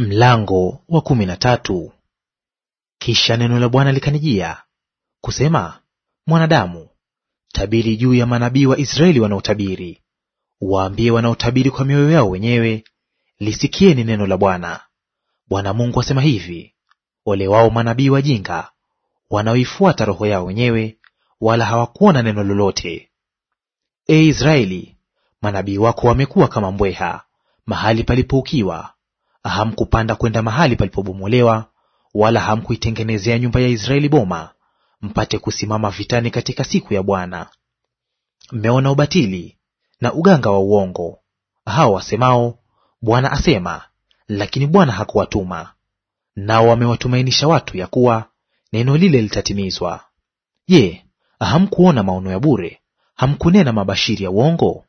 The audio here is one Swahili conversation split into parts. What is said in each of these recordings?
Mlango wa kumi na tatu. Kisha neno la Bwana likanijia kusema, mwanadamu, tabiri juu ya manabii wa Israeli wanaotabiri, waambie wanaotabiri kwa mioyo yao wenyewe, lisikieni neno la Bwana. Bwana Mungu asema hivi, ole wao manabii wajinga, wanaoifuata roho yao wenyewe, wala hawakuona neno lolote. E Israeli, manabii wako wamekuwa kama mbweha mahali palipoukiwa hamkupanda kwenda mahali palipobomolewa, wala hamkuitengenezea nyumba ya Israeli boma, mpate kusimama vitani katika siku ya Bwana. Mmeona ubatili na uganga wa uongo, hao wasemao, Bwana asema, lakini Bwana hakuwatuma; nao wamewatumainisha watu ya kuwa neno lile litatimizwa. Je, hamkuona maono ya bure? Hamkunena mabashiri ya uongo?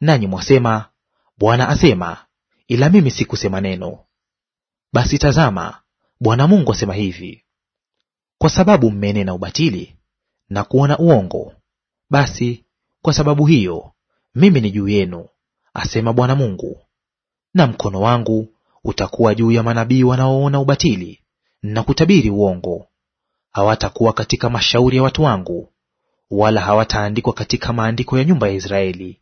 Nanyi mwasema, Bwana asema, ila mimi sikusema neno. Basi tazama, Bwana Mungu asema hivi: kwa sababu mmenena ubatili na kuona uongo, basi kwa sababu hiyo mimi ni juu yenu, asema Bwana Mungu, na mkono wangu utakuwa juu ya manabii wanaoona ubatili na kutabiri uongo. Hawatakuwa katika mashauri ya watu wangu, wala hawataandikwa katika maandiko ya nyumba ya Israeli,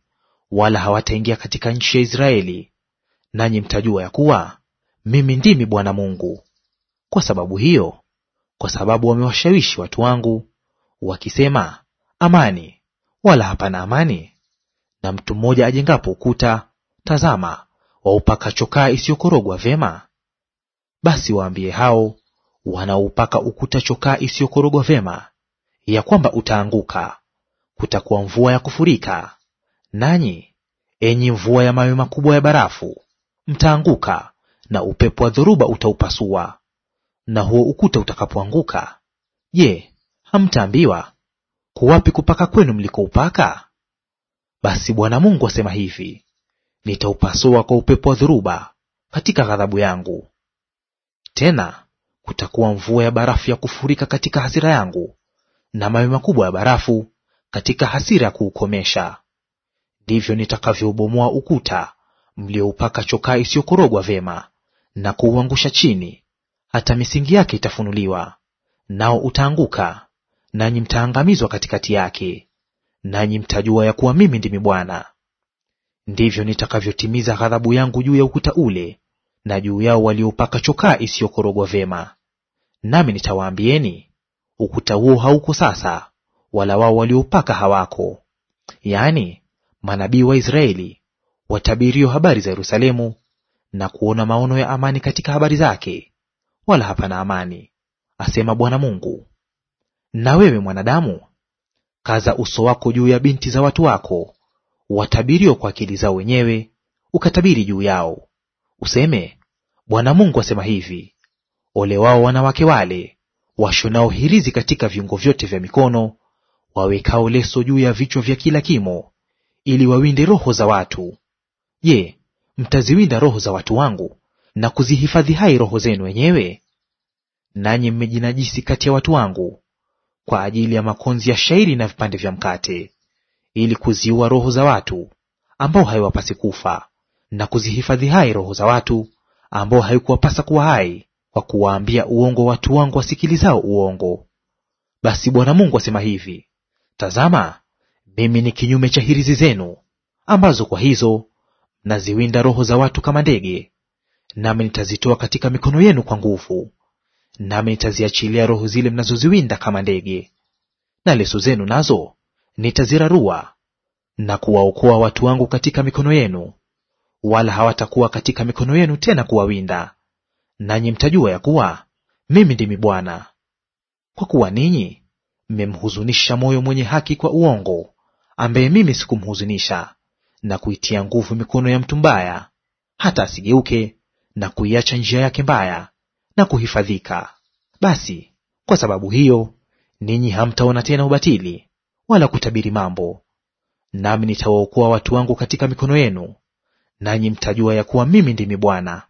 wala hawataingia katika nchi ya Israeli, nanyi mtajua ya kuwa mimi ndimi Bwana Mungu. Kwa sababu hiyo, kwa sababu wamewashawishi watu wangu wakisema, amani, wala hapana amani, na mtu mmoja ajengapo ukuta, tazama, waupaka chokaa isiyokorogwa vyema, basi waambie hao wanaoupaka ukuta chokaa isiyokorogwa vyema ya kwamba utaanguka, kutakuwa mvua ya kufurika, nanyi enyi mvua ya mawe makubwa ya barafu, mtaanguka, na upepo wa dhoruba utaupasua. Na huo ukuta utakapoanguka, je, hamtaambiwa kuwapi kupaka kwenu mlikoupaka? Basi Bwana Mungu asema hivi, nitaupasua kwa upepo wa dhoruba katika ghadhabu yangu. Tena kutakuwa mvua ya barafu ya kufurika katika hasira yangu, na mawe makubwa ya barafu katika hasira ya kuukomesha. Ndivyo nitakavyobomoa ukuta mlioupaka chokaa isiyokorogwa vema na kuuangusha chini, hata misingi yake itafunuliwa; nao utaanguka, nanyi mtaangamizwa katikati yake, nanyi mtajua ya kuwa mimi ndimi Bwana. Ndivyo nitakavyotimiza ghadhabu yangu juu ya ukuta ule na juu yao walioupaka chokaa isiyokorogwa vema Nami nitawaambieni, ukuta huo hauko sasa, wala wao walioupaka hawako, yaani manabii wa Israeli watabirio habari za Yerusalemu na kuona maono ya amani katika habari zake, wala hapana amani, asema Bwana Mungu. Na wewe mwanadamu, kaza uso wako juu ya binti za watu wako, watabirio kwa akili zao wenyewe, ukatabiri juu yao, useme, Bwana Mungu asema hivi, ole wao wanawake wale washonao hirizi katika viungo vyote vya mikono, wawekao leso juu ya vichwa vya kila kimo, ili wawinde roho za watu, Je, mtaziwinda roho za watu wangu na kuzihifadhi hai roho zenu wenyewe? Nanyi mmejinajisi kati ya watu wangu kwa ajili ya makonzi ya shairi na vipande vya mkate, ili kuziua roho za watu ambao haiwapasi kufa, na kuzihifadhi hai roho za watu ambao haikuwapasa kuwa hai, kwa kuwaambia uongo watu wangu wasikilizao uongo. Basi Bwana Mungu asema hivi: Tazama, mimi ni kinyume cha hirizi zenu, ambazo kwa hizo naziwinda roho za watu kama ndege, nami nitazitoa katika mikono yenu kwa nguvu, nami nitaziachilia roho zile mnazoziwinda kama ndege, na leso zenu nazo nitazirarua na kuwaokoa watu wangu katika mikono yenu, wala hawatakuwa katika mikono yenu tena kuwawinda. Nanyi mtajua ya kuwa mimi ndimi Bwana. Kwa kuwa ninyi mmemhuzunisha moyo mwenye haki kwa uongo, ambaye mimi sikumhuzunisha, na kuitia nguvu mikono ya mtu mbaya, hata asigeuke na kuiacha njia yake mbaya na kuhifadhika. Basi kwa sababu hiyo ninyi hamtaona tena ubatili wala kutabiri mambo. Nami nitawaokoa watu wangu katika mikono yenu, nanyi mtajua ya kuwa mimi ndimi Bwana.